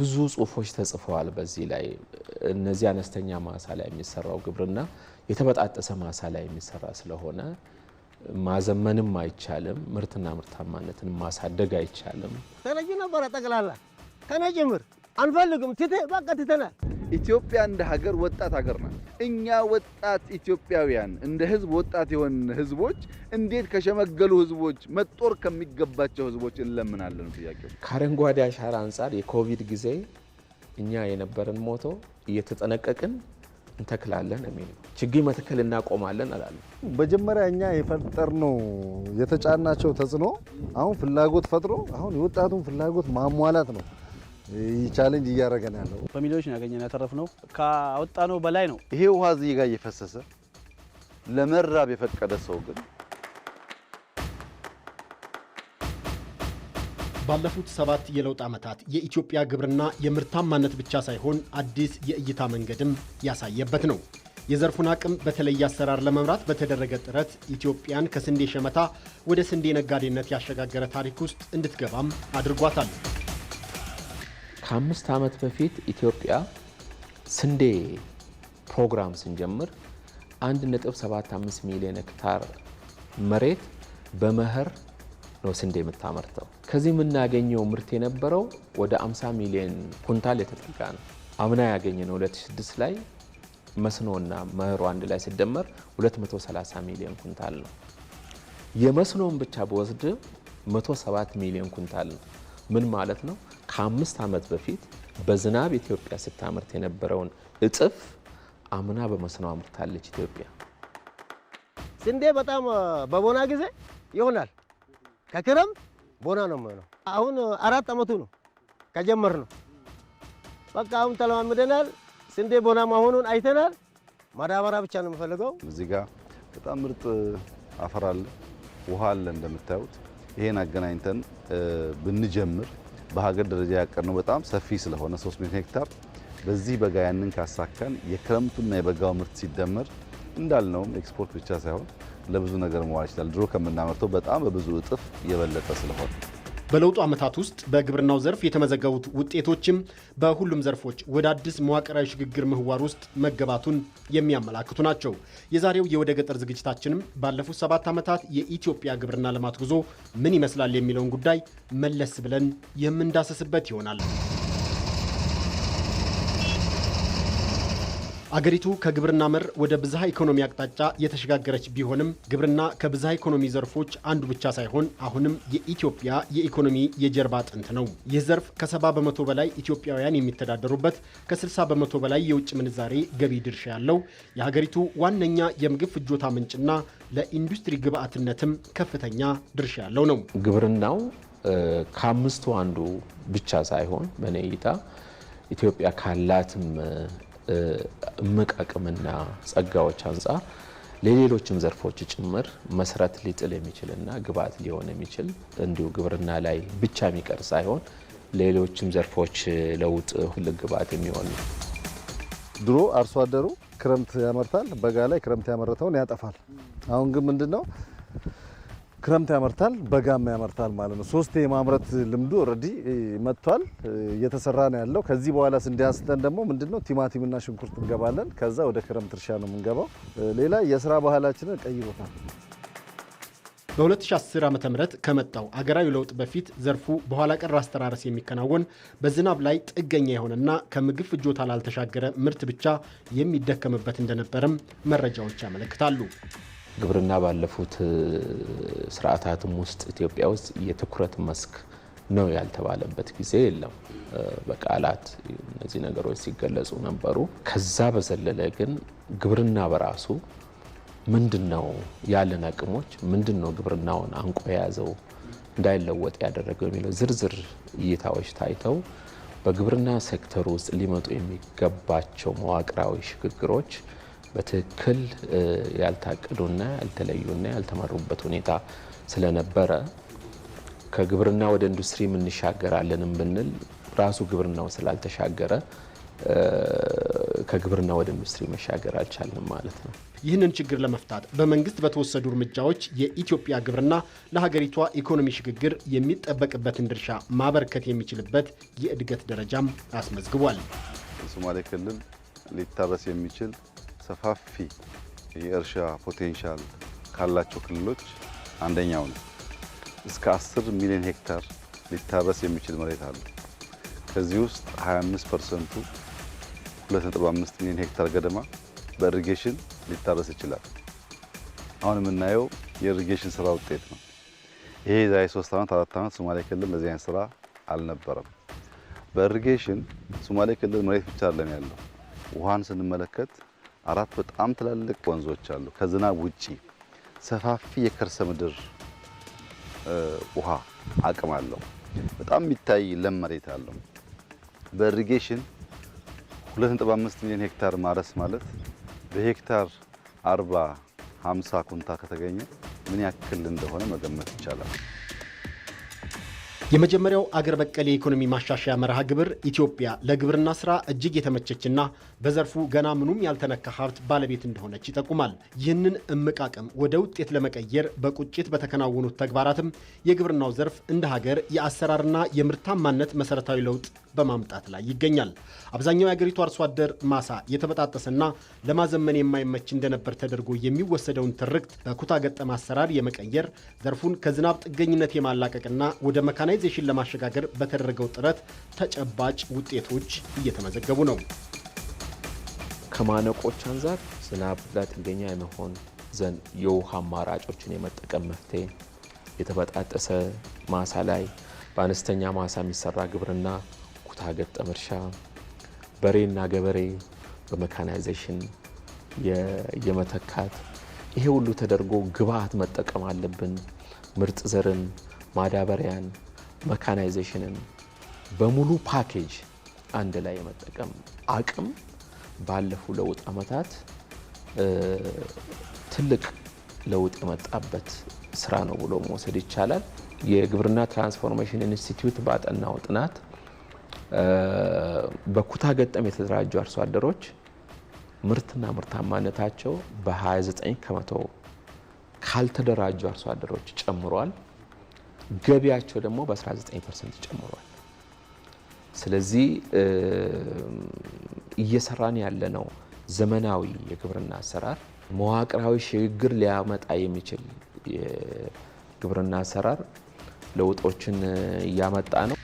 ብዙ ጽሁፎች ተጽፈዋል በዚህ ላይ እነዚህ አነስተኛ ማሳ ላይ የሚሰራው ግብርና የተበጣጠሰ ማሳ ላይ የሚሰራ ስለሆነ ማዘመንም አይቻልም፣ ምርትና ምርታማነትን ማሳደግ አይቻልም። ተለይ ነበረ ጠቅላላ ከነ ጭምር አንፈልግም። ትቴ በቃ ትተናል። ኢትዮጵያ እንደ ሀገር ወጣት ሀገር ናት። እኛ ወጣት ኢትዮጵያውያን እንደ ህዝብ ወጣት የሆን ህዝቦች እንዴት ከሸመገሉ ህዝቦች መጦር ከሚገባቸው ህዝቦች እንለምናለን? ጥያቄው ከአረንጓዴ አሻራ አንጻር የኮቪድ ጊዜ እኛ የነበረን ሞቶ እየተጠነቀቅን እንተክላለን የሚል ችግኝ መትከል እናቆማለን አላለ። መጀመሪያ እኛ የፈጠርነው የተጫናቸው ተጽዕኖ አሁን ፍላጎት ፈጥሮ አሁን የወጣቱን ፍላጎት ማሟላት ነው። ቻሌንጅ እያደረገን ያለው በሚሊዮች ነው ያገኘን ያተረፍነው ካወጣነው በላይ ነው። ይሄ ውሃ እዚህ ጋር እየፈሰሰ ለመራብ የፈቀደ ሰው ግን ባለፉት ሰባት የለውጥ ዓመታት የኢትዮጵያ ግብርና የምርታማነት ብቻ ሳይሆን አዲስ የእይታ መንገድም ያሳየበት ነው። የዘርፉን አቅም በተለየ አሰራር ለመምራት በተደረገ ጥረት ኢትዮጵያን ከስንዴ ሸመታ ወደ ስንዴ ነጋዴነት ያሸጋገረ ታሪክ ውስጥ እንድትገባም አድርጓታል። ከአምስት ዓመት በፊት ኢትዮጵያ ስንዴ ፕሮግራም ስንጀምር 1.75 ሚሊዮን ሄክታር መሬት በመኸር ነው ስንዴ የምታመርተው። ከዚህ የምናገኘው ምርት የነበረው ወደ 50 ሚሊዮን ኩንታል የተጠጋ ነው። አምና ያገኘ ነው 2006 ላይ መስኖና መኸሩ አንድ ላይ ሲደመር 230 ሚሊዮን ኩንታል ነው። የመስኖን ብቻ በወስድ 107 ሚሊዮን ኩንታል ነው። ምን ማለት ነው? ከአምስት ዓመት በፊት በዝናብ ኢትዮጵያ ስታመርት የነበረውን እጥፍ አምና በመስኖ አምርታለች ኢትዮጵያ። ስንዴ በጣም በቦና ጊዜ ይሆናል። ከክረም ቦና ነው የሚሆነው። አሁን አራት ዓመቱ ነው ከጀመር ነው በቃ አሁን ተለማምደናል። ስንዴ ቦና መሆኑን አይተናል። ማዳበሪያ ብቻ ነው የምፈልገው። እዚህ ጋ በጣም ምርጥ አፈር አለ፣ ውሃ አለ እንደምታዩት። ይሄን አገናኝተን ብንጀምር በሀገር ደረጃ ያቀድነው በጣም ሰፊ ስለሆነ 3 ሚሊዮን ሄክታር በዚህ በጋ ያንን ካሳካን የክረምቱና የበጋው ምርት ሲደመር እንዳልነውም ኤክስፖርት ብቻ ሳይሆን ለብዙ ነገር መዋል ይችላል። ድሮ ከምናመርተው በጣም በብዙ እጥፍ የበለጠ ስለሆነ በለውጡ ዓመታት ውስጥ በግብርናው ዘርፍ የተመዘገቡት ውጤቶችም በሁሉም ዘርፎች ወደ አዲስ መዋቅራዊ ሽግግር ምህዋር ውስጥ መገባቱን የሚያመላክቱ ናቸው። የዛሬው የወደ ገጠር ዝግጅታችንም ባለፉት ሰባት ዓመታት የኢትዮጵያ ግብርና ልማት ጉዞ ምን ይመስላል የሚለውን ጉዳይ መለስ ብለን የምንዳሰስበት ይሆናል። አገሪቱ ከግብርና መር ወደ ብዝሃ ኢኮኖሚ አቅጣጫ የተሸጋገረች ቢሆንም ግብርና ከብዝሃ ኢኮኖሚ ዘርፎች አንዱ ብቻ ሳይሆን አሁንም የኢትዮጵያ የኢኮኖሚ የጀርባ አጥንት ነው። ይህ ዘርፍ ከ70 በመቶ በላይ ኢትዮጵያውያን የሚተዳደሩበት፣ ከ60 በመቶ በላይ የውጭ ምንዛሬ ገቢ ድርሻ ያለው የሀገሪቱ ዋነኛ የምግብ ፍጆታ ምንጭና ለኢንዱስትሪ ግብዓትነትም ከፍተኛ ድርሻ ያለው ነው። ግብርናው ከአምስቱ አንዱ ብቻ ሳይሆን በኔ እይታ ኢትዮጵያ ካላትም እምቅ አቅምና ጸጋዎች አንጻር ለሌሎችም ዘርፎች ጭምር መሰረት ሊጥል የሚችልና ግብዓት ሊሆን የሚችል እንዲሁ ግብርና ላይ ብቻ የሚቀር ሳይሆን ለሌሎችም ዘርፎች ለውጥ ሁል ግብዓት የሚሆን ነው። ድሮ አርሶ አደሩ ክረምት ያመርታል፣ በጋ ላይ ክረምት ያመረተውን ያጠፋል። አሁን ግን ምንድን ነው ክረምት ያመርታል፣ በጋም ያመርታል ማለት ነው። ሶስት የማምረት ልምዱ ኦልሬዲ መጥቷል፣ እየተሰራ ነው ያለው። ከዚህ በኋላ እንዲያስተን ደግሞ ምንድነው ቲማቲምና ሽንኩርት እንገባለን። ከዛ ወደ ክረምት እርሻ ነው የምንገባው። ሌላ የስራ ባህላችንን ቀይሮታል። በ2010 ም ከመጣው አገራዊ ለውጥ በፊት ዘርፉ በኋላ ቀር አስተራረስ የሚከናወን በዝናብ ላይ ጥገኛ የሆነና ከምግብ ፍጆታ ላልተሻገረ ምርት ብቻ የሚደከምበት እንደነበረም መረጃዎች ያመለክታሉ። ግብርና ባለፉት ስርዓታትም ውስጥ ኢትዮጵያ ውስጥ የትኩረት መስክ ነው ያልተባለበት ጊዜ የለም። በቃላት እነዚህ ነገሮች ሲገለጹ ነበሩ። ከዛ በዘለለ ግን ግብርና በራሱ ምንድን ነው ያለን አቅሞች ምንድን ነው ግብርናውን አንቆ የያዘው እንዳይለወጥ ያደረገው የሚለው ዝርዝር እይታዎች ታይተው በግብርና ሴክተር ውስጥ ሊመጡ የሚገባቸው መዋቅራዊ ሽግግሮች በትክክል ያልታቀዱና ያልተለዩና ያልተመሩበት ሁኔታ ስለነበረ ከግብርና ወደ ኢንዱስትሪ እንሻገራለንም ብንል ራሱ ግብርናው ስላልተሻገረ ከግብርና ወደ ኢንዱስትሪ መሻገር አልቻልንም ማለት ነው። ይህንን ችግር ለመፍታት በመንግስት በተወሰዱ እርምጃዎች የኢትዮጵያ ግብርና ለሀገሪቷ ኢኮኖሚ ሽግግር የሚጠበቅበትን ድርሻ ማበርከት የሚችልበት የእድገት ደረጃም አስመዝግቧል። የሶማሌ ክልል ሊታረስ የሚችል ሰፋፊ የእርሻ ፖቴንሻል ካላቸው ክልሎች አንደኛው ነው። እስከ 10 ሚሊዮን ሄክታር ሊታረስ የሚችል መሬት አለ። ከዚህ ውስጥ 25 ፐርሰንቱ 2.5 ሚሊዮን ሄክታር ገደማ በኢሪጌሽን ሊታረስ ይችላል። አሁን የምናየው የኢሪጌሽን ስራ ውጤት ነው። ይሄ የዛሬ 3 ዓመት አራት ዓመት ሶማሌ ክልል እንደዚህ አይነት ስራ አልነበረም። በኢሪጌሽን ሶማሌ ክልል መሬት ብቻ አይደለም ያለው ውሃን ስንመለከት አራት በጣም ትላልቅ ወንዞች አሉ። ከዝናብ ውጪ ሰፋፊ የከርሰ ምድር ውሃ አቅም አለው። በጣም የሚታይ ለም መሬት አለው። በኢሪጌሽን 2.5 ሚሊዮን ሄክታር ማረስ ማለት በሄክታር 40 50 ኩንታ ከተገኘ ምን ያክል እንደሆነ መገመት ይቻላል። የመጀመሪያው አገር በቀል የኢኮኖሚ ማሻሻያ መርሃ ግብር ኢትዮጵያ ለግብርና ስራ እጅግ የተመቸችና በዘርፉ ገና ምኑም ያልተነካ ሀብት ባለቤት እንደሆነች ይጠቁማል። ይህንን እምቅ አቅም ወደ ውጤት ለመቀየር በቁጭት በተከናወኑት ተግባራትም የግብርናው ዘርፍ እንደ ሀገር የአሰራርና የምርታማነት መሰረታዊ ለውጥ በማምጣት ላይ ይገኛል። አብዛኛው የአገሪቱ አርሶ አደር ማሳ የተበጣጠሰና ለማዘመን የማይመች እንደነበር ተደርጎ የሚወሰደውን ትርክት በኩታ ገጠም አሰራር የመቀየር ዘርፉን ከዝናብ ጥገኝነት የማላቀቅና ወደ መካናይዜሽን ለማሸጋገር በተደረገው ጥረት ተጨባጭ ውጤቶች እየተመዘገቡ ነው። ከማነቆች አንጻር ዝናብ ላይ ጥገኛ የመሆን ዘንድ የውሃ አማራጮችን የመጠቀም መፍትሄ፣ የተበጣጠሰ ማሳ ላይ በአነስተኛ ማሳ የሚሰራ ግብርና ፍትሐ ገጠም እርሻ፣ በሬና ገበሬ በመካናይዜሽን የመተካት ይሄ ሁሉ ተደርጎ ግብአት መጠቀም አለብን። ምርጥ ዘርን፣ ማዳበሪያን፣ መካናይዜሽንን በሙሉ ፓኬጅ አንድ ላይ የመጠቀም አቅም ባለፉ ለውጥ ዓመታት ትልቅ ለውጥ የመጣበት ስራ ነው ብሎ መውሰድ ይቻላል። የግብርና ትራንስፎርሜሽን ኢንስቲትዩት ባጠናው ጥናት በኩታ ገጠም የተደራጁ አርሶ አደሮች ምርትና ምርታማነታቸው በ29 ከመቶ ካልተደራጁ አርሶ አደሮች ጨምሯል። ገቢያቸው ደግሞ በ19 ፐርሰንት ጨምሯል። ስለዚህ እየሰራን ያለነው ዘመናዊ የግብርና አሰራር መዋቅራዊ ሽግግር ሊያመጣ የሚችል የግብርና አሰራር ለውጦችን እያመጣ ነው።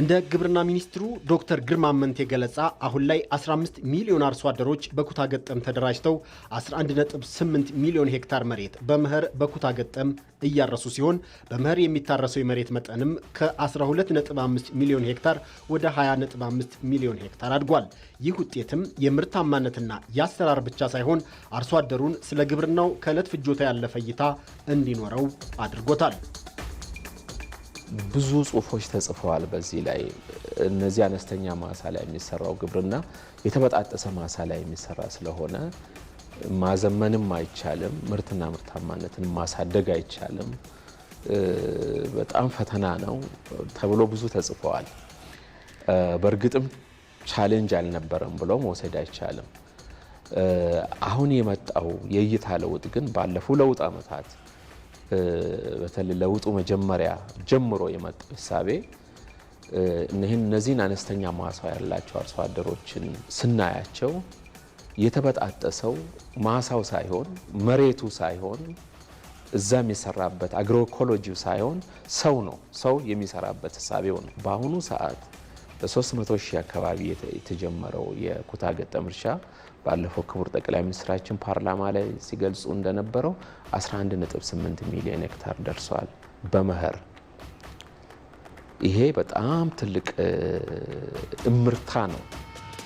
እንደ ግብርና ሚኒስትሩ ዶክተር ግርማ መንቴ ገለጻ አሁን ላይ 15 ሚሊዮን አርሶ አደሮች በኩታ ገጠም ተደራጅተው 11.8 ሚሊዮን ሄክታር መሬት በመኸር በኩታ ገጠም እያረሱ ሲሆን በመኸር የሚታረሰው የመሬት መጠንም ከ12.5 ሚሊዮን ሄክታር ወደ 20.5 ሚሊዮን ሄክታር አድጓል። ይህ ውጤትም የምርታማነትና የአሰራር ብቻ ሳይሆን አርሶ አደሩን ስለ ግብርናው ከዕለት ፍጆታ ያለፈ እይታ እንዲኖረው አድርጎታል። ብዙ ጽሁፎች ተጽፈዋል በዚህ ላይ። እነዚህ አነስተኛ ማሳ ላይ የሚሰራው ግብርና የተበጣጠሰ ማሳ ላይ የሚሰራ ስለሆነ ማዘመንም አይቻልም፣ ምርትና ምርታማነትን ማሳደግ አይቻልም፣ በጣም ፈተና ነው ተብሎ ብዙ ተጽፈዋል። በእርግጥም ቻሌንጅ አልነበረም ብሎ መውሰድ አይቻልም። አሁን የመጣው የእይታ ለውጥ ግን ባለፉ ለውጥ ዓመታት በተለይ ለውጡ መጀመሪያ ጀምሮ የመጣ እሳቤ እነህን እነዚህን አነስተኛ ማሳ ያላቸው አርሶ አደሮችን ስናያቸው የተበጣጠሰው ማሳው ሳይሆን መሬቱ ሳይሆን እዛም የሰራበት አግሮኢኮሎጂው ሳይሆን ሰው ነው። ሰው የሚሰራበት እሳቤው ነው። በአሁኑ ሰዓት በ300 ሺህ አካባቢ የተጀመረው የኩታ ገጠም እርሻ ባለፈው ክቡር ጠቅላይ ሚኒስትራችን ፓርላማ ላይ ሲገልጹ እንደነበረው 11.8 ሚሊዮን ሄክታር ደርሷል በመኸር። ይሄ በጣም ትልቅ እምርታ ነው።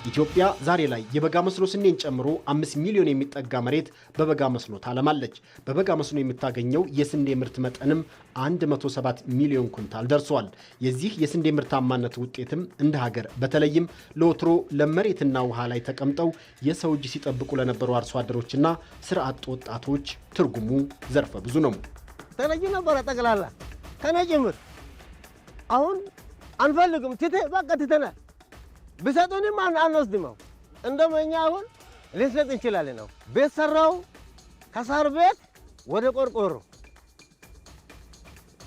ኢትዮጵያ ዛሬ ላይ የበጋ መስኖ ስንዴን ጨምሮ አምስት ሚሊዮን የሚጠጋ መሬት በበጋ መስኖ ታለማለች። በበጋ መስኖ የምታገኘው የስንዴ ምርት መጠንም 107 ሚሊዮን ኩንታል ደርሷል። የዚህ የስንዴ ምርታማነት ውጤትም እንደ ሀገር በተለይም ለወትሮ ለመሬትና ውሃ ላይ ተቀምጠው የሰው እጅ ሲጠብቁ ለነበሩ አርሶ አደሮችና ስራ አጥ ወጣቶች ትርጉሙ ዘርፈ ብዙ ነው። ተለዩ ነበረ ጠቅላላ ከነ አሁን አንፈልግም ትቴ በቃ ትተናል። ብሰጡንም አንወስድመው። እንደውም እኛ አሁን ልንሰጥ እንችላለን። ነው ቤት ሰራው ከሳር ቤት ወደ ቆርቆሮ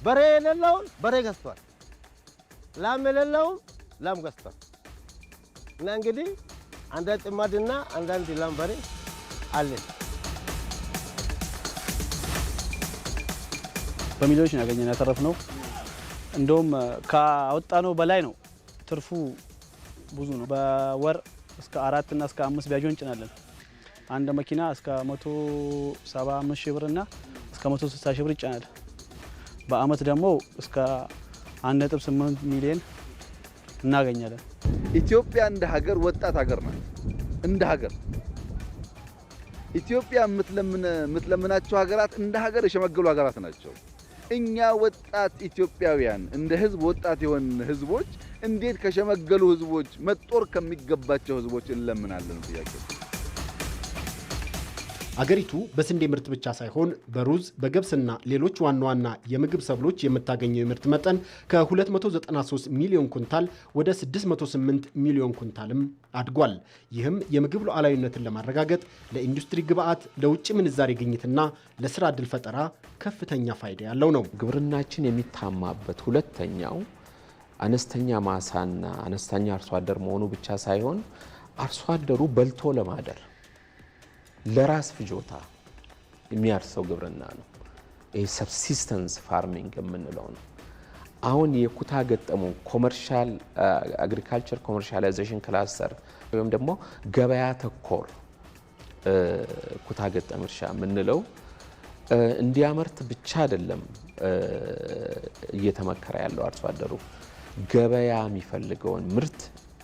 በሬ የሌለውን በሬ ገዝቷል፣ ላም የሌለውን ላም ገዝቷል። እና እንግዲህ አንዳንድ ጥማድና አንዳንድ ላም በሬ አለን። በሚሊዮች ያገኘን ያተረፍነው እንደውም ነው በላይ ነው ትርፉ። ብዙ ነው። በወር እስከ አራት እና እስከ አምስት ቢያጆ እንጭናለን። አንድ መኪና እስከ 175 ሺህ ብር እና እስከ 160 ሺህ ብር ይጭናል። በአመት ደግሞ እስከ 1.8 ሚሊዮን እናገኛለን። ኢትዮጵያ እንደ ሀገር ወጣት ሀገር ናት። እንደ ሀገር ኢትዮጵያ የምትለምናቸው ሀገራት እንደ ሀገር የሸመገሉ ሀገራት ናቸው። እኛ ወጣት ኢትዮጵያውያን እንደ ህዝብ ወጣት የሆን ህዝቦች እንዴት ከሸመገሉ ህዝቦች መጦር ከሚገባቸው ህዝቦች እንለምናለን? ጥያቄ አገሪቱ በስንዴ ምርት ብቻ ሳይሆን በሩዝ በገብስና ሌሎች ዋና ዋና የምግብ ሰብሎች የምታገኘው የምርት መጠን ከ293 ሚሊዮን ኩንታል ወደ 608 ሚሊዮን ኩንታልም አድጓል። ይህም የምግብ ሉዓላዊነትን ለማረጋገጥ ለኢንዱስትሪ ግብዓት፣ ለውጭ ምንዛሬ ግኝትና ለስራ ዕድል ፈጠራ ከፍተኛ ፋይዳ ያለው ነው። ግብርናችን የሚታማበት ሁለተኛው አነስተኛ ማሳና አነስተኛ አርሶ አደር መሆኑ ብቻ ሳይሆን አርሶ አደሩ በልቶ ለማደር ለራስ ፍጆታ የሚያርሰው ግብርና ነው። ይህ ሰብሲስተንስ ፋርሚንግ የምንለው ነው። አሁን የኩታ ገጠሙ ኮመርሻል አግሪካልቸር ኮመርሻላይዜሽን ክላስተር ወይም ደግሞ ገበያ ተኮር ኩታ ገጠም እርሻ የምንለው እንዲያመርት ብቻ አይደለም እየተመከረ ያለው አርሶ አደሩ ገበያ የሚፈልገውን ምርት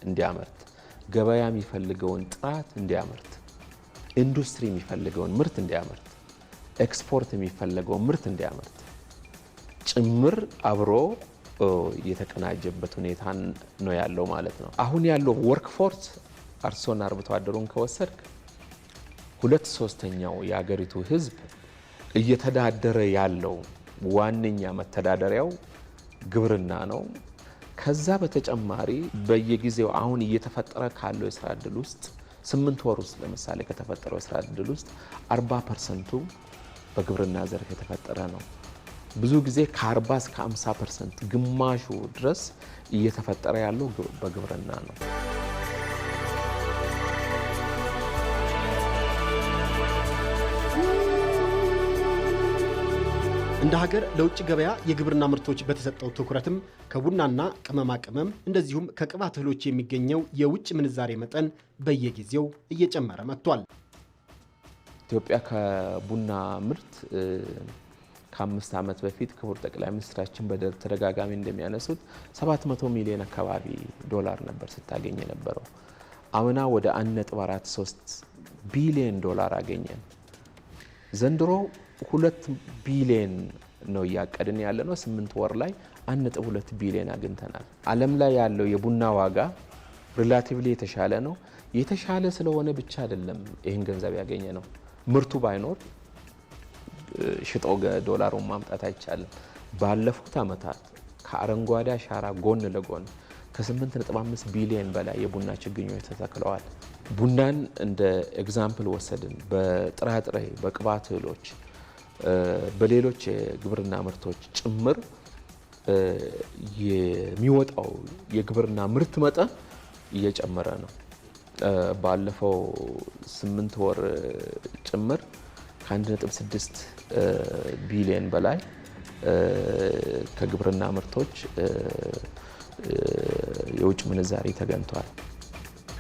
እንዲያመርት፣ ገበያ የሚፈልገውን ጥራት እንዲያመርት፣ ኢንዱስትሪ የሚፈልገውን ምርት እንዲያመርት፣ ኤክስፖርት የሚፈለገውን ምርት እንዲያመርት ጭምር አብሮ የተቀናጀበት ሁኔታ ነው ያለው ማለት ነው። አሁን ያለው ወርክፎርስ አርሶና አርብቶ አደሩን ከወሰድክ ሁለት ሶስተኛው የአገሪቱ ህዝብ እየተዳደረ ያለው ዋነኛ መተዳደሪያው ግብርና ነው። ከዛ በተጨማሪ በየጊዜው አሁን እየተፈጠረ ካለው የስራ እድል ውስጥ ስምንት ወር ውስጥ ለምሳሌ ከተፈጠረው የስራ እድል ውስጥ አርባ ፐርሰንቱ በግብርና ዘርፍ የተፈጠረ ነው። ብዙ ጊዜ ከ40 እስከ 50 ፐርሰንት ግማሹ ድረስ እየተፈጠረ ያለው በግብርና ነው። እንደ ሀገር ለውጭ ገበያ የግብርና ምርቶች በተሰጠው ትኩረትም ከቡናና ቅመማ ቅመም እንደዚሁም ከቅባት እህሎች የሚገኘው የውጭ ምንዛሬ መጠን በየጊዜው እየጨመረ መጥቷል። ኢትዮጵያ ከቡና ምርት ከአምስት ዓመት በፊት ክቡር ጠቅላይ ሚኒስትራችን በተደጋጋሚ እንደሚያነሱት 700 ሚሊዮን አካባቢ ዶላር ነበር ስታገኝ የነበረው። አምና ወደ 1.43 ቢሊዮን ዶላር አገኘን። ዘንድሮ ሁለት ቢሊየን ነው እያቀድን ያለ ነው። ስምንት ወር ላይ አንድ ነጥብ ሁለት ቢሊየን አግኝተናል። ዓለም ላይ ያለው የቡና ዋጋ ሪላቲቭሊ የተሻለ ነው። የተሻለ ስለሆነ ብቻ አይደለም ይህን ገንዘብ ያገኘ ነው። ምርቱ ባይኖር ሽጦ ዶላሩን ማምጣት አይቻልም። ባለፉት ዓመታት ከአረንጓዴ አሻራ ጎን ለጎን ከ8.5 ቢሊዮን በላይ የቡና ችግኞች ተተክለዋል። ቡናን እንደ ኤግዛምፕል ወሰድን። በጥራጥሬ በቅባት እህሎች በሌሎች የግብርና ምርቶች ጭምር የሚወጣው የግብርና ምርት መጠን እየጨመረ ነው። ባለፈው ስምንት ወር ጭምር ከ1.6 ቢሊዮን በላይ ከግብርና ምርቶች የውጭ ምንዛሪ ተገኝቷል።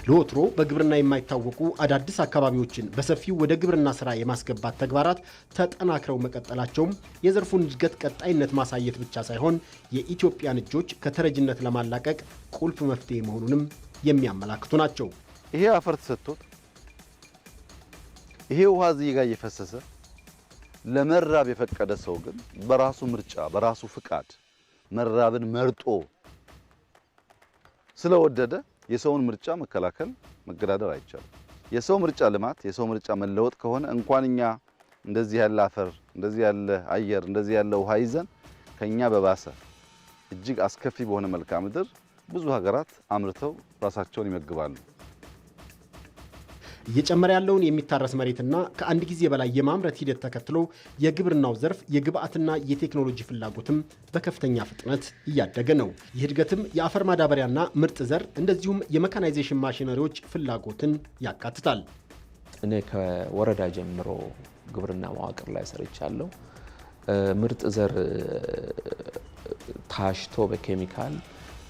ለወትሮ በግብርና የማይታወቁ አዳዲስ አካባቢዎችን በሰፊው ወደ ግብርና ስራ የማስገባት ተግባራት ተጠናክረው መቀጠላቸውም የዘርፉን እድገት ቀጣይነት ማሳየት ብቻ ሳይሆን የኢትዮጵያን እጆች ከተረጅነት ለማላቀቅ ቁልፍ መፍትሄ መሆኑንም የሚያመላክቱ ናቸው። ይሄ አፈር ተሰጥቶት ይሄ ውሃ እዚህ ጋር እየፈሰሰ ለመራብ የፈቀደ ሰው ግን በራሱ ምርጫ በራሱ ፍቃድ መራብን መርጦ ስለወደደ የሰውን ምርጫ መከላከል መገዳደር አይቻልም። የሰው ምርጫ ልማት፣ የሰው ምርጫ መለወጥ ከሆነ እንኳን እኛ እንደዚህ ያለ አፈር፣ እንደዚህ ያለ አየር፣ እንደዚህ ያለ ውሃ ይዘን ከኛ በባሰ እጅግ አስከፊ በሆነ መልክዓ ምድር ብዙ ሀገራት አምርተው ራሳቸውን ይመግባሉ። እየጨመረ ያለውን የሚታረስ መሬትና ከአንድ ጊዜ በላይ የማምረት ሂደት ተከትሎ የግብርናው ዘርፍ የግብዓትና የቴክኖሎጂ ፍላጎትም በከፍተኛ ፍጥነት እያደገ ነው። ይህ እድገትም የአፈር ማዳበሪያና ምርጥ ዘር እንደዚሁም የመካናይዜሽን ማሽነሪዎች ፍላጎትን ያካትታል። እኔ ከወረዳ ጀምሮ ግብርና መዋቅር ላይ ሰርቻለሁ። ምርጥ ዘር ታሽቶ በኬሚካል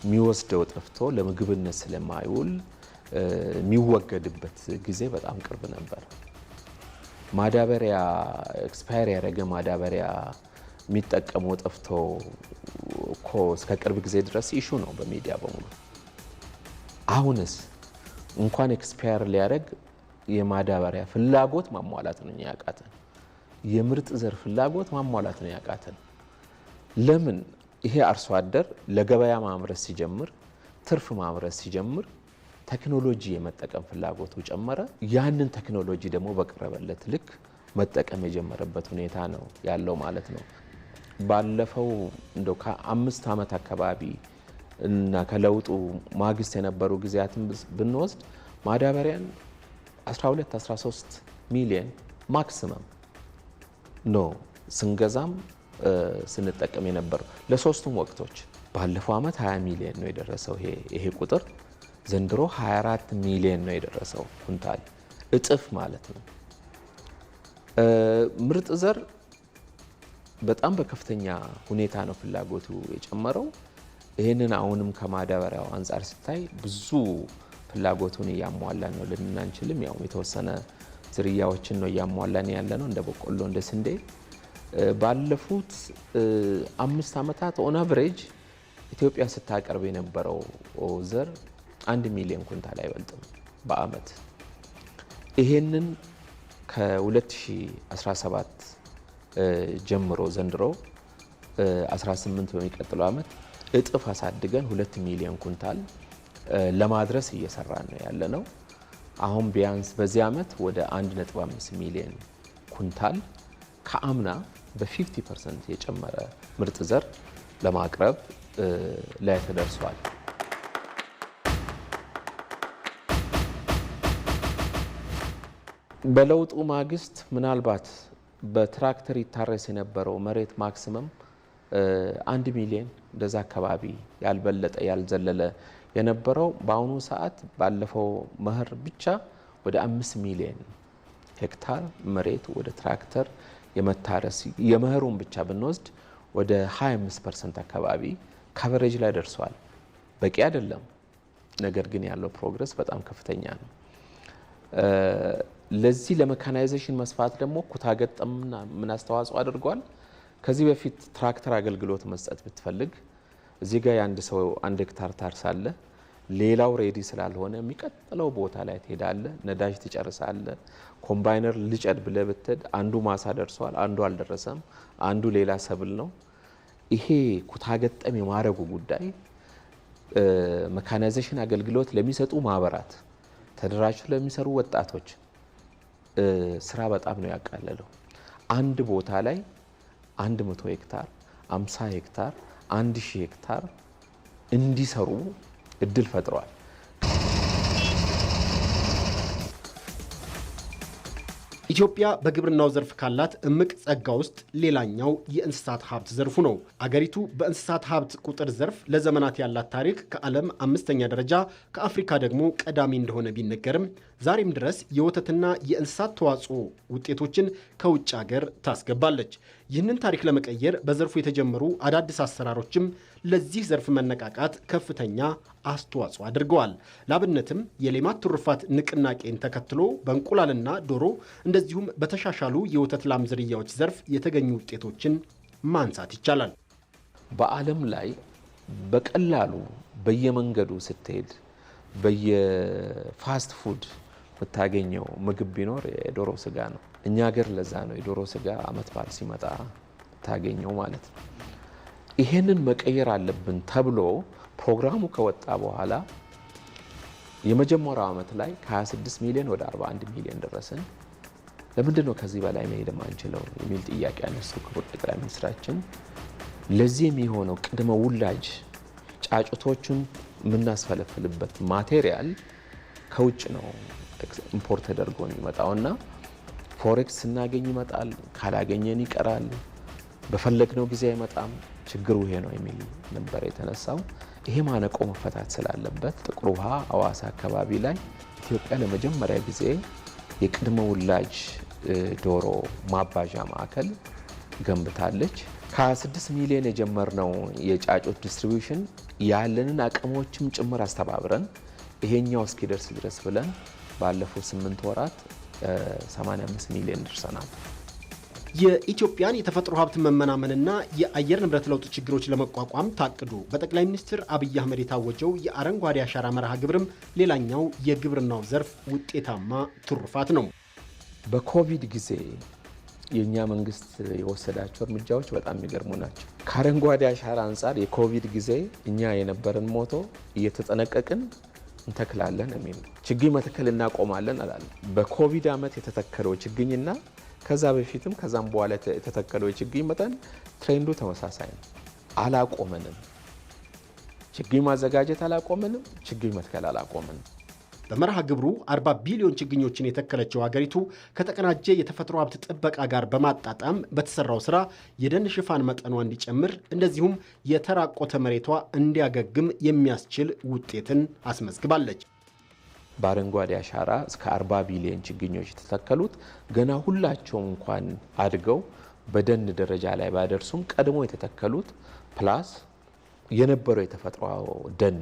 የሚወስደው ጠፍቶ ለምግብነት ስለማይውል የሚወገድበት ጊዜ በጣም ቅርብ ነበር። ማዳበሪያ ኤክስፓየር ያደረገ ማዳበሪያ የሚጠቀመው ጠፍቶ እኮ እስከ ቅርብ ጊዜ ድረስ ኢሹ ነው በሚዲያ በሙሉ። አሁንስ እንኳን ኤክስፓየር ሊያደረግ የማዳበሪያ ፍላጎት ማሟላት ነው ያቃተን፣ የምርጥ ዘር ፍላጎት ማሟላት ነው ያቃተን። ለምን ይሄ አርሶ አደር ለገበያ ማምረት ሲጀምር፣ ትርፍ ማምረት ሲጀምር ቴክኖሎጂ የመጠቀም ፍላጎቱ ጨመረ። ያንን ቴክኖሎጂ ደግሞ በቀረበለት ልክ መጠቀም የጀመረበት ሁኔታ ነው ያለው ማለት ነው። ባለፈው እንደ ከአምስት ዓመት አካባቢ እና ከለውጡ ማግስት የነበሩ ጊዜያትን ብንወስድ ማዳበሪያን 12 13 ሚሊየን ማክሲመም ነው። ስንገዛም ስንጠቀም የነበረው ለሶስቱም ወቅቶች። ባለፈው ዓመት 20 ሚሊየን ነው የደረሰው ይሄ ቁጥር ዘንድሮ 24 ሚሊዮን ነው የደረሰው ኩንታል፣ እጥፍ ማለት ነው። ምርጥ ዘር በጣም በከፍተኛ ሁኔታ ነው ፍላጎቱ የጨመረው። ይህንን አሁንም ከማዳበሪያው አንጻር ስታይ ብዙ ፍላጎቱን እያሟላን ነው ልንል አንችልም። ያው የተወሰነ ዝርያዎችን ነው እያሟላን ያለ ነው እንደ በቆሎ፣ እንደ ስንዴ ባለፉት አምስት ዓመታት ኦን አቨሬጅ ኢትዮጵያ ስታቀርብ የነበረው ዘር አንድ ሚሊዮን ኩንታል አይበልጥም በአመት። ይሄንን ከ2017 ጀምሮ ዘንድሮ 18 በሚቀጥለው አመት እጥፍ አሳድገን ሁለት ሚሊዮን ኩንታል ለማድረስ እየሰራን ነው ያለ ነው። አሁን ቢያንስ በዚህ አመት ወደ 1.5 ሚሊዮን ኩንታል ከአምና በ50 ፐርሰንት የጨመረ ምርጥ ዘር ለማቅረብ ላይ ተደርሷል። በለውጡ ማግስት ምናልባት በትራክተር ይታረስ የነበረው መሬት ማክሲመም አንድ ሚሊዮን እንደዛ አካባቢ ያልበለጠ ያልዘለለ የነበረው በአሁኑ ሰዓት ባለፈው መኸር ብቻ ወደ አምስት ሚሊዮን ሄክታር መሬት ወደ ትራክተር የመታረስ የመኸሩን ብቻ ብንወስድ ወደ 25 ፐርሰንት አካባቢ ካቨሬጅ ላይ ደርሷል። በቂ አይደለም፣ ነገር ግን ያለው ፕሮግረስ በጣም ከፍተኛ ነው። ለዚህ ለመካናይዜሽን መስፋት ደግሞ ኩታ ገጠምና ምን አስተዋጽኦ አድርጓል? ከዚህ በፊት ትራክተር አገልግሎት መስጠት ብትፈልግ እዚህ ጋር የአንድ ሰው አንድ ሄክታር ታርሳለ፣ ሌላው ሬዲ ስላልሆነ የሚቀጥለው ቦታ ላይ ትሄዳለ፣ ነዳጅ ትጨርሳለ። ኮምባይነር ልጨድ ብለ ብትሄድ አንዱ ማሳ ደርሷል፣ አንዱ አልደረሰም፣ አንዱ ሌላ ሰብል ነው። ይሄ ኩታ ገጠም የማድረጉ ጉዳይ መካናይዜሽን አገልግሎት ለሚሰጡ ማህበራት ተደራጅ ለሚሰሩ ወጣቶች ስራ በጣም ነው ያቃለለው። አንድ ቦታ ላይ 100 ሄክታር፣ 50 ሄክታር፣ 1000 ሄክታር እንዲሰሩ እድል ፈጥረዋል። ኢትዮጵያ በግብርናው ዘርፍ ካላት እምቅ ጸጋ ውስጥ ሌላኛው የእንስሳት ሀብት ዘርፉ ነው። አገሪቱ በእንስሳት ሀብት ቁጥር ዘርፍ ለዘመናት ያላት ታሪክ ከዓለም አምስተኛ ደረጃ ከአፍሪካ ደግሞ ቀዳሚ እንደሆነ ቢነገርም ዛሬም ድረስ የወተትና የእንስሳት ተዋጽኦ ውጤቶችን ከውጭ ሀገር ታስገባለች። ይህንን ታሪክ ለመቀየር በዘርፉ የተጀመሩ አዳዲስ አሰራሮችም ለዚህ ዘርፍ መነቃቃት ከፍተኛ አስተዋጽኦ አድርገዋል። ላብነትም የሌማት ትሩፋት ንቅናቄን ተከትሎ በእንቁላልና ዶሮ እንደዚሁም በተሻሻሉ የወተት ላም ዝርያዎች ዘርፍ የተገኙ ውጤቶችን ማንሳት ይቻላል። በዓለም ላይ በቀላሉ በየመንገዱ ስትሄድ በየፋስት ፉድ የምታገኘው ምግብ ቢኖር የዶሮ ስጋ ነው። እኛ ሀገር ለዛ ነው የዶሮ ስጋ አመት በዓል ሲመጣ ታገኘው ማለት ነው። ይሄንን መቀየር አለብን ተብሎ ፕሮግራሙ ከወጣ በኋላ የመጀመሪያው ዓመት ላይ ከ26 ሚሊዮን ወደ 41 ሚሊዮን ደረስን። ለምንድን ነው ከዚህ በላይ መሄድ የማንችለው የሚል ጥያቄ አነሱ ክቡር ጠቅላይ ሚኒስትራችን። ለዚህ የሚሆነው ቅድመ ውላጅ ጫጩቶቹን የምናስፈለፍልበት ማቴሪያል ከውጭ ነው ኢምፖርት ተደርጎ ነው የሚመጣው እና ፎሬክስ ስናገኝ ይመጣል፣ ካላገኘን ይቀራል፣ በፈለግነው ጊዜ አይመጣም። ችግሩ ይሄ ነው የሚል ነበር የተነሳው። ይሄ ማነቆ መፈታት ስላለበት ጥቁር ውሃ አዋሳ አካባቢ ላይ ኢትዮጵያ ለመጀመሪያ ጊዜ የቅድመ ውላጅ ዶሮ ማባዣ ማዕከል ገንብታለች። ከ26 ሚሊዮን የጀመርነው የጫጮት ዲስትሪቢሽን ያለንን አቅሞችም ጭምር አስተባብረን ይሄኛው እስኪደርስ ድረስ ብለን ባለፉት ስምንት ወራት 85 ሚሊዮን ደርሰናል። የኢትዮጵያን የተፈጥሮ ሀብት መመናመንና የአየር ንብረት ለውጥ ችግሮች ለመቋቋም ታቅዶ በጠቅላይ ሚኒስትር አብይ አህመድ የታወጀው የአረንጓዴ አሻራ መርሃ ግብርም ሌላኛው የግብርናው ዘርፍ ውጤታማ ትሩፋት ነው። በኮቪድ ጊዜ የእኛ መንግስት የወሰዳቸው እርምጃዎች በጣም የሚገርሙ ናቸው። ከአረንጓዴ አሻራ አንጻር የኮቪድ ጊዜ እኛ የነበረን ሞቶ እየተጠነቀቅን እንተክላለን የሚል ችግኝ መትከል እናቆማለን አላለ። በኮቪድ ዓመት የተተከለው ችግኝና ከዛ በፊትም ከዛም በኋላ የተተከለው የችግኝ መጠን ትሬንዱ ተመሳሳይ ነው። አላቆመንም። ችግኝ ማዘጋጀት አላቆመንም። ችግኝ መትከል አላቆመንም። በመርሃ ግብሩ 40 ቢሊዮን ችግኞችን የተከለችው ሀገሪቱ ከተቀናጀ የተፈጥሮ ሀብት ጥበቃ ጋር በማጣጣም በተሰራው ስራ የደን ሽፋን መጠኗ እንዲጨምር እንደዚሁም የተራቆተ መሬቷ እንዲያገግም የሚያስችል ውጤትን አስመዝግባለች። በአረንጓዴ አሻራ እስከ 40 ቢሊዮን ችግኞች የተተከሉት ገና ሁላቸውም እንኳን አድገው በደን ደረጃ ላይ ባይደርሱም ቀድሞ የተተከሉት ፕላስ የነበረው የተፈጥሮ ደን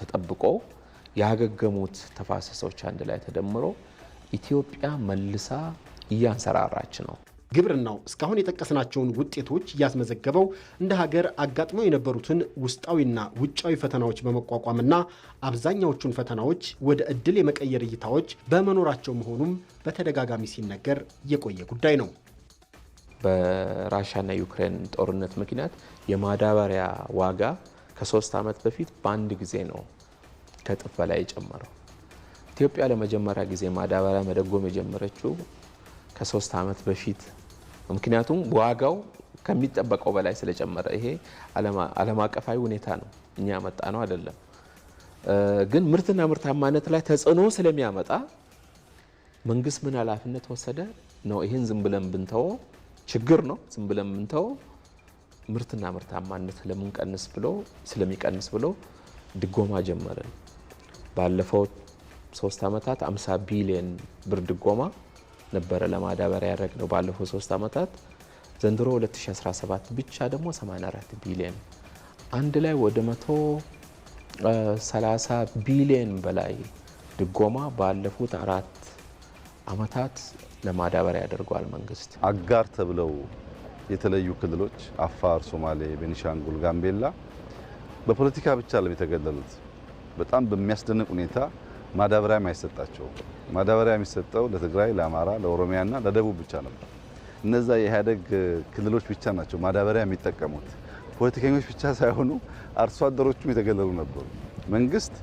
ተጠብቆ ያገገሙት ተፋሰሶች አንድ ላይ ተደምሮ ኢትዮጵያ መልሳ እያንሰራራች ነው። ግብርናው እስካሁን የጠቀስናቸውን ውጤቶች እያስመዘገበው እንደ ሀገር አጋጥመው የነበሩትን ውስጣዊና ውጫዊ ፈተናዎች በመቋቋምና አብዛኛዎቹን ፈተናዎች ወደ እድል የመቀየር እይታዎች በመኖራቸው መሆኑም በተደጋጋሚ ሲነገር የቆየ ጉዳይ ነው። በራሻና ዩክሬን ጦርነት ምክንያት የማዳበሪያ ዋጋ ከሶስት ዓመት በፊት በአንድ ጊዜ ነው ከእጥፍ በላይ የጨመረው። ኢትዮጵያ ለመጀመሪያ ጊዜ ማዳበሪያ መደጎም የጀመረችው ከሶስት ዓመት በፊት ምክንያቱም ዋጋው ከሚጠበቀው በላይ ስለጨመረ። ይሄ ዓለም አቀፋዊ ሁኔታ ነው፣ እኛ ያመጣ ነው አይደለም። ግን ምርትና ምርታማነት ላይ ተጽዕኖ ስለሚያመጣ መንግስት ምን ኃላፊነት ወሰደ ነው? ይህን ዝም ብለን ብንተወ ችግር ነው፣ ዝም ብለን ብንተወ ምርትና ምርታማነት ለምንቀንስ ብሎ ስለሚቀንስ ብሎ ድጎማ ጀመርን። ባለፈው ሶስት ዓመታት 50 ቢሊዮን ብር ድጎማ ነበረ ለማዳበሪያ ያደረግነው ባለፈው ሶስት ዓመታት። ዘንድሮ 2017 ብቻ ደግሞ 84 ቢሊዮን አንድ ላይ ወደ 130 ቢሊዮን በላይ ድጎማ ባለፉት አራት ዓመታት ለማዳበሪያ ያደርገዋል መንግስት። አጋር ተብለው የተለዩ ክልሎች አፋር፣ ሶማሌ፣ ቤኒሻንጉል፣ ጋምቤላ በፖለቲካ ብቻ ለም የተገለሉት በጣም በሚያስደንቅ ሁኔታ ማዳበሪያ አይሰጣቸውም። ማዳበሪያ የሚሰጠው ለትግራይ፣ ለአማራ፣ ለኦሮሚያ እና ለደቡብ ብቻ ነበር። እነዛ የኢህአደግ ክልሎች ብቻ ናቸው ማዳበሪያ የሚጠቀሙት። ፖለቲከኞች ብቻ ሳይሆኑ አርሶ አደሮቹም የተገለሉ ነበሩ። መንግስት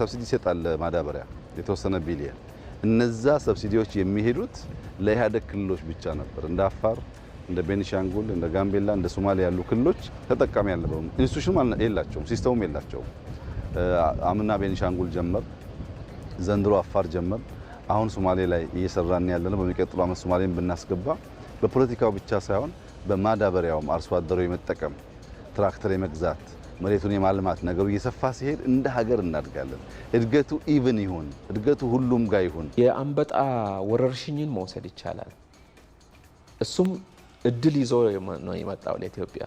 ሰብሲዲ ይሰጣል ማዳበሪያ የተወሰነ ቢሊየን። እነዛ ሰብሲዲዎች የሚሄዱት ለኢህአደግ ክልሎች ብቻ ነበር። እንደ አፋር፣ እንደ ቤኒሻንጉል፣ እንደ ጋምቤላ፣ እንደ ሶማሊያ ያሉ ክልሎች ተጠቃሚ አልነበሩም። ኢንስቲቱሽንም የላቸውም፣ ሲስተሙም የላቸውም። አምና ቤኒሻንጉል ጀመር፣ ዘንድሮ አፋር ጀመር። አሁን ሶማሌ ላይ እየሰራን ነው። በሚቀጥሉ አመት ሶማሌን ብናስገባ በፖለቲካው ብቻ ሳይሆን በማዳበሪያውም አርሶ አደሩ የመጠቀም ትራክተር የመግዛት መሬቱን የማልማት ነገሩ እየሰፋ ሲሄድ እንደ ሀገር እናድጋለን። እድገቱ ኢቭን ይሁን እድገቱ ሁሉም ጋር ይሁን። የአንበጣ ወረርሽኝን መውሰድ ይቻላል። እሱም እድል ይዞ ነው የመጣው ለኢትዮጵያ።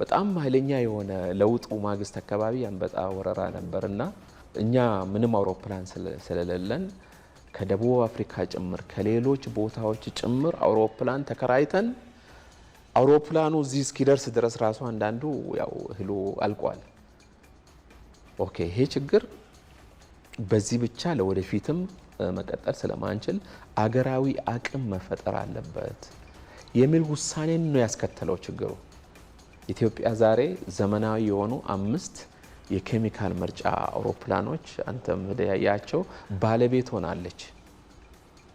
በጣም ኃይለኛ የሆነ ለውጡ ማግስት አካባቢ አንበጣ ወረራ ነበር እና እኛ ምንም አውሮፕላን ስለሌለን ከደቡብ አፍሪካ ጭምር ከሌሎች ቦታዎች ጭምር አውሮፕላን ተከራይተን አውሮፕላኑ እዚህ እስኪደርስ ድረስ ራሱ አንዳንዱ ያው እህሉ አልቋል። ኦኬ ይሄ ችግር በዚህ ብቻ ለወደፊትም መቀጠል ስለማንችል አገራዊ አቅም መፈጠር አለበት የሚል ውሳኔን ነው ያስከተለው ችግሩ። ኢትዮጵያ ዛሬ ዘመናዊ የሆኑ አምስት የኬሚካል መርጫ አውሮፕላኖች አንተም ያቸው ባለቤት ሆናለች።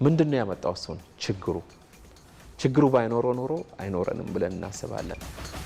ምንድን ነው ያመጣው እሱን ችግሩ ችግሩ ባይኖረ ኖሮ አይኖረንም ብለን እናስባለን።